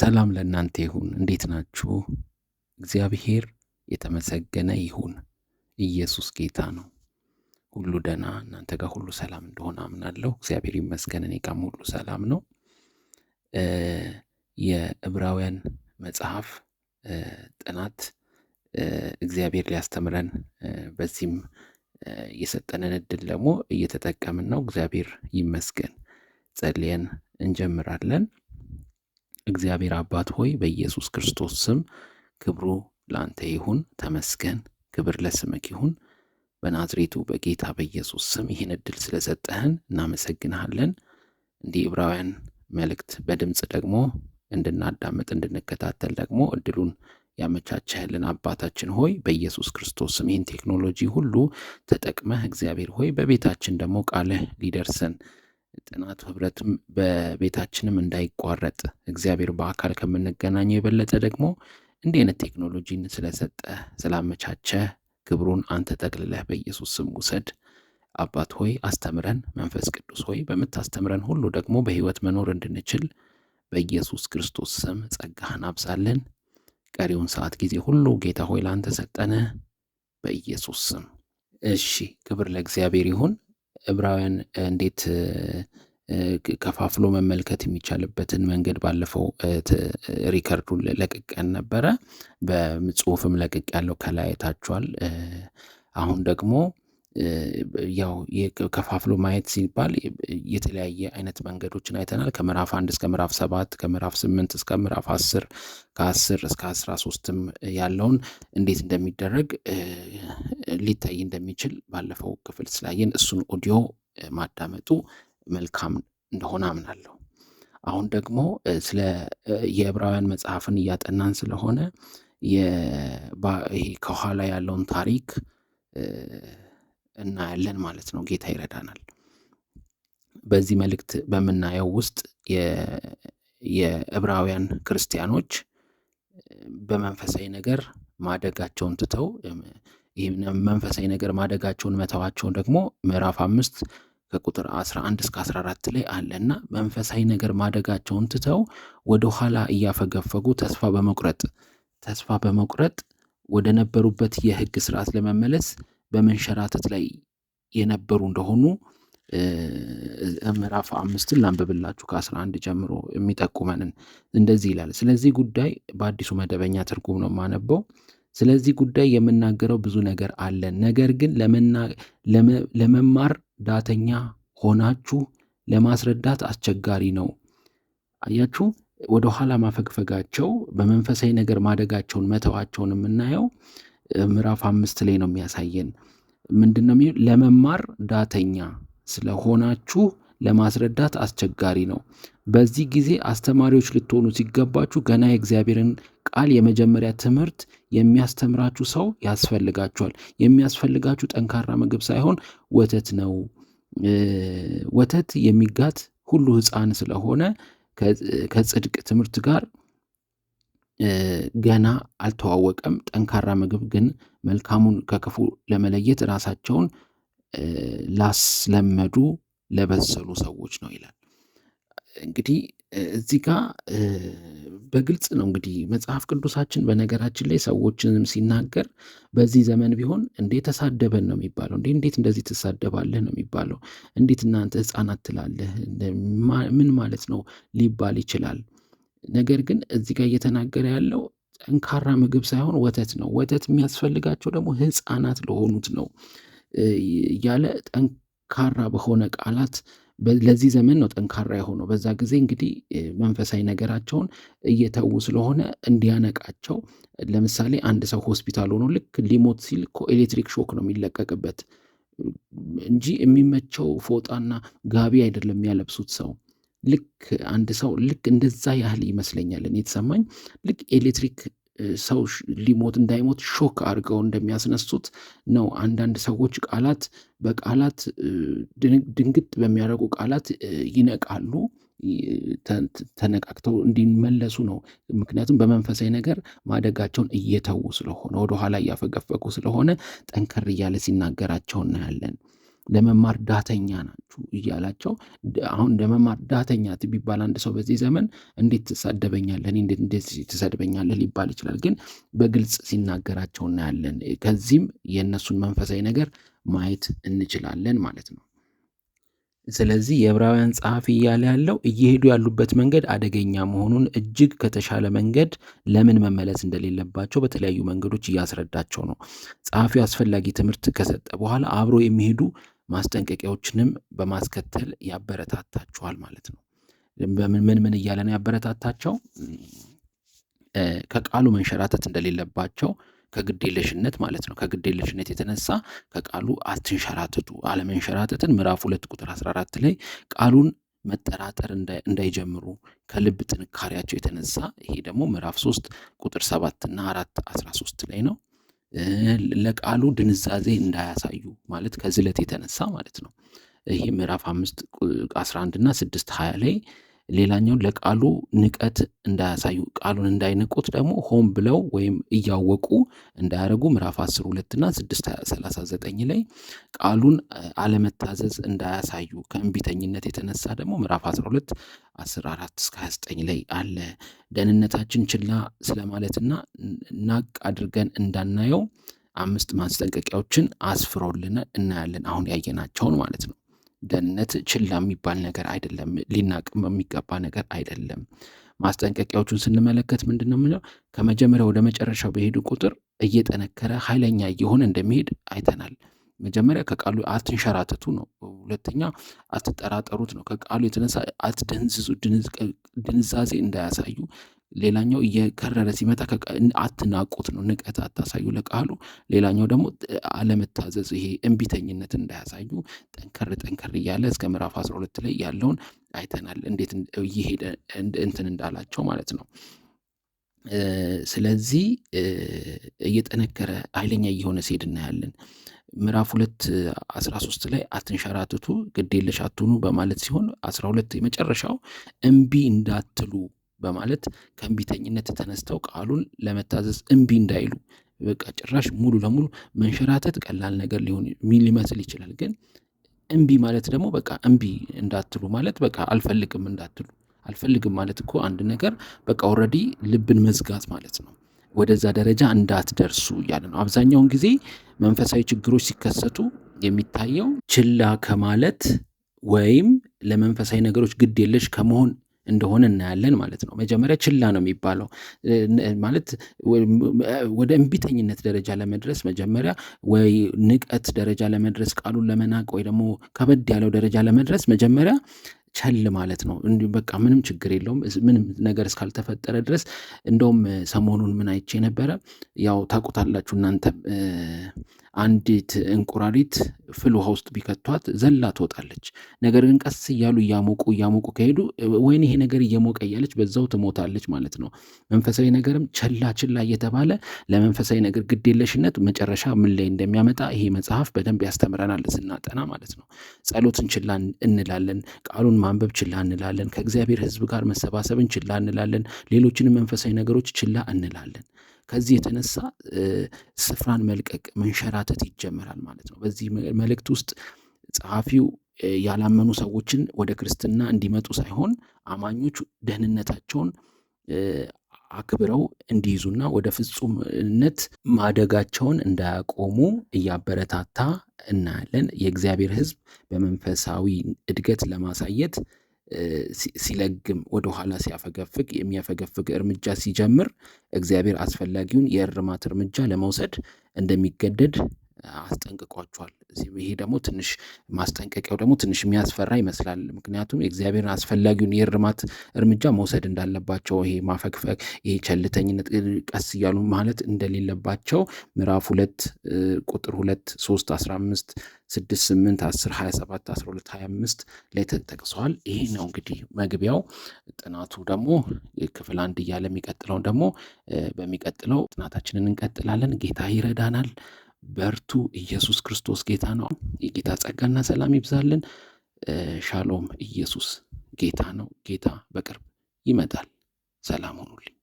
ሰላም ለእናንተ ይሁን። እንዴት ናችሁ? እግዚአብሔር የተመሰገነ ይሁን። ኢየሱስ ጌታ ነው። ሁሉ ደህና፣ እናንተ ጋር ሁሉ ሰላም እንደሆነ አምናለሁ። እግዚአብሔር ይመስገን፣ እኔ ጋርም ሁሉ ሰላም ነው። የዕብራውያን መጽሐፍ ጥናት እግዚአብሔር ሊያስተምረን በዚህም የሰጠንን እድል ደግሞ እየተጠቀምን ነው። እግዚአብሔር ይመስገን። ጸልየን እንጀምራለን። እግዚአብሔር አባት ሆይ በኢየሱስ ክርስቶስ ስም ክብሩ ለአንተ ይሁን፣ ተመስገን። ክብር ለስምክ ይሁን። በናዝሬቱ በጌታ በኢየሱስ ስም ይህን እድል ስለሰጠህን እናመሰግንሃለን። እንዲህ ዕብራውያን መልእክት በድምፅ ደግሞ እንድናዳምጥ እንድንከታተል ደግሞ እድሉን ያመቻቸህልን አባታችን ሆይ በኢየሱስ ክርስቶስ ስም ይህን ቴክኖሎጂ ሁሉ ተጠቅመህ እግዚአብሔር ሆይ በቤታችን ደግሞ ቃልህ ሊደርሰን ጥናቱ ህብረትም በቤታችንም እንዳይቋረጥ እግዚአብሔር በአካል ከምንገናኘው የበለጠ ደግሞ እንዲህ አይነት ቴክኖሎጂን ስለሰጠ ስላመቻቸ ክብሩን አንተ ጠቅልለህ በኢየሱስ ስም ውሰድ። አባት ሆይ አስተምረን። መንፈስ ቅዱስ ሆይ በምታስተምረን ሁሉ ደግሞ በህይወት መኖር እንድንችል በኢየሱስ ክርስቶስ ስም ጸጋህን አብዛለን። ቀሪውን ሰዓት ጊዜ ሁሉ ጌታ ሆይ ለአንተ ሰጠነ በኢየሱስ ስም። እሺ፣ ክብር ለእግዚአብሔር ይሁን። ዕብራውያን እንዴት ከፋፍሎ መመልከት የሚቻልበትን መንገድ ባለፈው ሪከርዱን ለቅቀን ነበረ። በጽሁፍም ለቅቅ ያለው ከላይ አሁን ደግሞ ያው ከፋፍሎ ማየት ሲባል የተለያየ አይነት መንገዶችን አይተናል። ከምዕራፍ አንድ እስከ ምዕራፍ ሰባት ከምዕራፍ ስምንት እስከ ምዕራፍ አስር ከአስር እስከ አስራ ሶስትም ያለውን እንዴት እንደሚደረግ ሊታይ እንደሚችል ባለፈው ክፍል ስላየን እሱን ኦዲዮ ማዳመጡ መልካም እንደሆነ አምናለሁ። አሁን ደግሞ ስለ የዕብራውያን መጽሐፍን እያጠናን ስለሆነ ይሄ ከኋላ ያለውን ታሪክ እናያለን ማለት ነው። ጌታ ይረዳናል። በዚህ መልእክት በምናየው ውስጥ የዕብራውያን ክርስቲያኖች በመንፈሳዊ ነገር ማደጋቸውን ትተው ይህ መንፈሳዊ ነገር ማደጋቸውን መተዋቸውን ደግሞ ምዕራፍ አምስት ከቁጥር 11 እስከ 14 ላይ አለ እና መንፈሳዊ ነገር ማደጋቸውን ትተው ወደ ኋላ እያፈገፈጉ ተስፋ በመቁረጥ ተስፋ በመቁረጥ ወደ ነበሩበት የህግ ስርዓት ለመመለስ በመንሸራተት ላይ የነበሩ እንደሆኑ ምዕራፍ አምስትን ላንብብላችሁ ከ11 ጀምሮ የሚጠቁመንን እንደዚህ ይላል። ስለዚህ ጉዳይ በአዲሱ መደበኛ ትርጉም ነው የማነበው። ስለዚህ ጉዳይ የምናገረው ብዙ ነገር አለ። ነገር ግን ለመማር ዳተኛ ሆናችሁ ለማስረዳት አስቸጋሪ ነው። አያችሁ፣ ወደኋላ ማፈግፈጋቸው በመንፈሳዊ ነገር ማደጋቸውን መተዋቸውን የምናየው ምዕራፍ አምስት ላይ ነው የሚያሳየን። ምንድን ነው ለመማር ዳተኛ ስለሆናችሁ ለማስረዳት አስቸጋሪ ነው። በዚህ ጊዜ አስተማሪዎች ልትሆኑ ሲገባችሁ ገና የእግዚአብሔርን ቃል የመጀመሪያ ትምህርት የሚያስተምራችሁ ሰው ያስፈልጋችኋል። የሚያስፈልጋችሁ ጠንካራ ምግብ ሳይሆን ወተት ነው። ወተት የሚጋት ሁሉ ሕፃን ስለሆነ ከጽድቅ ትምህርት ጋር ገና አልተዋወቀም። ጠንካራ ምግብ ግን መልካሙን ከክፉ ለመለየት ራሳቸውን ላስለመዱ ለበሰሉ ሰዎች ነው ይላል። እንግዲህ እዚህ ጋ በግልጽ ነው እንግዲህ መጽሐፍ ቅዱሳችን በነገራችን ላይ ሰዎችንም ሲናገር በዚህ ዘመን ቢሆን እንዴ ተሳደበን ነው የሚባለው። እንዴ እንዴት እንደዚህ ትሳደባለህ ነው የሚባለው። እንዴት እናንተ ሕፃናት ትላለህ ምን ማለት ነው ሊባል ይችላል። ነገር ግን እዚህ ጋር እየተናገረ ያለው ጠንካራ ምግብ ሳይሆን ወተት ነው። ወተት የሚያስፈልጋቸው ደግሞ ሕፃናት ለሆኑት ነው እያለ ጠንካራ በሆነ ቃላት ለዚህ ዘመን ነው ጠንካራ የሆነው። በዛ ጊዜ እንግዲህ መንፈሳዊ ነገራቸውን እየተዉ ስለሆነ እንዲያነቃቸው፣ ለምሳሌ አንድ ሰው ሆስፒታል ሆኖ ልክ ሊሞት ሲል እኮ ኤሌክትሪክ ሾክ ነው የሚለቀቅበት እንጂ የሚመቸው ፎጣና ጋቢ አይደለም የሚያለብሱት ሰው ልክ አንድ ሰው ልክ እንደዛ ያህል ይመስለኛል እኔ የተሰማኝ ልክ ኤሌክትሪክ ሰው ሊሞት እንዳይሞት ሾክ አድርገው እንደሚያስነሱት ነው። አንዳንድ ሰዎች ቃላት በቃላት ድንግጥ በሚያደርጉ ቃላት ይነቃሉ። ተነቃቅተው እንዲመለሱ ነው። ምክንያቱም በመንፈሳዊ ነገር ማደጋቸውን እየተዉ ስለሆነ፣ ወደኋላ እያፈገፈጉ ስለሆነ ጠንከር እያለ ሲናገራቸው እናያለን። ለመማር ዳተኛ ናችሁ እያላቸው አሁን ለመማር ዳተኛ ቢባል አንድ ሰው በዚህ ዘመን እንዴት ትሳደበኛለን እንደዚህ ሊባል ይችላል። ግን በግልጽ ሲናገራቸው እናያለን። ከዚህም የእነሱን መንፈሳዊ ነገር ማየት እንችላለን ማለት ነው። ስለዚህ የዕብራውያን ጸሐፊ እያለ ያለው እየሄዱ ያሉበት መንገድ አደገኛ መሆኑን እጅግ ከተሻለ መንገድ ለምን መመለስ እንደሌለባቸው በተለያዩ መንገዶች እያስረዳቸው ነው። ጸሐፊው አስፈላጊ ትምህርት ከሰጠ በኋላ አብሮ የሚሄዱ ማስጠንቀቂያዎችንም በማስከተል ያበረታታቸዋል ማለት ነው። ምን ምን እያለ ነው ያበረታታቸው? ከቃሉ መንሸራተት እንደሌለባቸው ከግዴለሽነት ማለት ነው። ከግዴለሽነት የተነሳ ከቃሉ አትንሸራተቱ። አለመንሸራተትን ምዕራፍ ሁለት ቁጥር 14 ላይ ቃሉን መጠራጠር እንዳይጀምሩ ከልብ ጥንካሬያቸው የተነሳ ይሄ ደግሞ ምዕራፍ 3 ቁጥር 7 እና 4 13 ላይ ነው። ለቃሉ ድንዛዜ እንዳያሳዩ ማለት ከዝለት የተነሳ ማለት ነው። ይሄ ምዕራፍ አምስት አስራ አንድ እና ስድስት ሀያ ላይ ሌላኛውን ለቃሉ ንቀት እንዳያሳዩ ቃሉን እንዳይንቁት ደግሞ ሆን ብለው ወይም እያወቁ እንዳያደርጉ ምዕራፍ 10 2 እና 6 39 ላይ ቃሉን አለመታዘዝ እንዳያሳዩ ከእንቢተኝነት የተነሳ ደግሞ ምዕራፍ 12 14 እስከ 29 ላይ አለ። ደህንነታችን ችላ ስለማለትና ናቅ አድርገን እንዳናየው አምስት ማስጠንቀቂያዎችን አስፍሮልን እናያለን። አሁን ያየናቸውን ማለት ነው። ደህንነት ችላ የሚባል ነገር አይደለም፣ ሊናቅ የሚገባ ነገር አይደለም። ማስጠንቀቂያዎቹን ስንመለከት ምንድን ነው ከመጀመሪያ ወደ መጨረሻው በሄዱ ቁጥር እየጠነከረ ኃይለኛ እየሆነ እንደሚሄድ አይተናል። መጀመሪያ ከቃሉ አትንሸራተቱ ነው። ሁለተኛ አትጠራጠሩት ነው። ከቃሉ የተነሳ አትደንዝዙ፣ ድንዛዜ እንዳያሳዩ ሌላኛው እየከረረ ሲመጣ አትናቁት ነው። ንቀት አታሳዩ ለቃሉ። ሌላኛው ደግሞ አለመታዘዝ፣ ይሄ እምቢተኝነት እንዳያሳዩ ጠንከር ጠንከር እያለ እስከ ምዕራፍ 12 ላይ ያለውን አይተናል፣ እንዴት እየሄደ እንትን እንዳላቸው ማለት ነው። ስለዚህ እየጠነከረ ኃይለኛ እየሆነ ሲሄድ እናያለን። ምዕራፍ ሁለት አስራ ሶስት ላይ አትንሸራትቱ፣ ግዴለሽ አትሁኑ በማለት ሲሆን አስራ ሁለት የመጨረሻው እምቢ እንዳትሉ በማለት ከእምቢተኝነት ተነስተው ቃሉን ለመታዘዝ እምቢ እንዳይሉ በቃ ጭራሽ ሙሉ ለሙሉ መንሸራተት ቀላል ነገር ሊሆን ሊመስል ይችላል። ግን እምቢ ማለት ደግሞ በቃ እምቢ እንዳትሉ ማለት በቃ አልፈልግም እንዳትሉ አልፈልግም ማለት እኮ አንድ ነገር በቃ ኦልሬዲ ልብን መዝጋት ማለት ነው። ወደዛ ደረጃ እንዳትደርሱ እያለ ነው። አብዛኛውን ጊዜ መንፈሳዊ ችግሮች ሲከሰቱ የሚታየው ችላ ከማለት ወይም ለመንፈሳዊ ነገሮች ግድ የለሽ ከመሆን እንደሆነ እናያለን ማለት ነው። መጀመሪያ ችላ ነው የሚባለው ማለት ወደ እምቢተኝነት ደረጃ ለመድረስ መጀመሪያ ወይ ንቀት ደረጃ ለመድረስ ቃሉን ለመናቅ ወይ ደግሞ ከበድ ያለው ደረጃ ለመድረስ መጀመሪያ ቸል ማለት ነው። እንዲሁ በቃ ምንም ችግር የለውም ምንም ነገር እስካልተፈጠረ ድረስ። እንደውም ሰሞኑን ምን አይቼ ነበረ ያው ታውቁታላችሁ እናንተ አንዲት እንቁራሪት ፍል ውሃ ውስጥ ቢከቷት ዘላ ትወጣለች። ነገር ግን ቀስ እያሉ እያሞቁ እያሞቁ ከሄዱ ወይን ይሄ ነገር እየሞቀ እያለች በዛው ትሞታለች ማለት ነው። መንፈሳዊ ነገርም ችላ ችላ እየተባለ ለመንፈሳዊ ነገር ግዴለሽነት መጨረሻ ምን ላይ እንደሚያመጣ ይሄ መጽሐፍ በደንብ ያስተምረናል ስናጠና ማለት ነው። ጸሎትን ችላ እንላለን፣ ቃሉን ማንበብ ችላ እንላለን፣ ከእግዚአብሔር ሕዝብ ጋር መሰባሰብን ችላ እንላለን፣ ሌሎችንም መንፈሳዊ ነገሮች ችላ እንላለን። ከዚህ የተነሳ ስፍራን መልቀቅ መንሸራተት ይጀመራል ማለት ነው። በዚህ መልእክት ውስጥ ጸሐፊው ያላመኑ ሰዎችን ወደ ክርስትና እንዲመጡ ሳይሆን አማኞች ደህንነታቸውን አክብረው እንዲይዙና ወደ ፍጹምነት ማደጋቸውን እንዳያቆሙ እያበረታታ እናያለን። የእግዚአብሔር ሕዝብ በመንፈሳዊ እድገት ለማሳየት ሲለግም ወደኋላ ሲያፈገፍግ የሚያፈገፍግ እርምጃ ሲጀምር እግዚአብሔር አስፈላጊውን የእርማት እርምጃ ለመውሰድ እንደሚገደድ አስጠንቅቋቸዋል። ይሄ ደግሞ ትንሽ ማስጠንቀቂያው ደግሞ ትንሽ የሚያስፈራ ይመስላል። ምክንያቱም የእግዚአብሔርን አስፈላጊውን የእርማት እርምጃ መውሰድ እንዳለባቸው ይሄ ማፈግፈግ፣ ይሄ ቸልተኝነት ቀስ እያሉ ማለት እንደሌለባቸው ምዕራፍ ሁለት ቁጥር ሁለት ሶስት አስራ አምስት ስድስት ስምንት አስር ሀያ ሰባት አስራ ሁለት ሀያ አምስት ላይ ተጠቅሰዋል። ይሄ ነው እንግዲህ መግቢያው። ጥናቱ ደግሞ ክፍል አንድ እያለ የሚቀጥለውን ደግሞ በሚቀጥለው ጥናታችንን እንቀጥላለን። ጌታ ይረዳናል። በርቱ። ኢየሱስ ክርስቶስ ጌታ ነው። የጌታ ጸጋና ሰላም ይብዛልን። ሻሎም። ኢየሱስ ጌታ ነው። ጌታ በቅርብ ይመጣል። ሰላም ሁኑልኝ።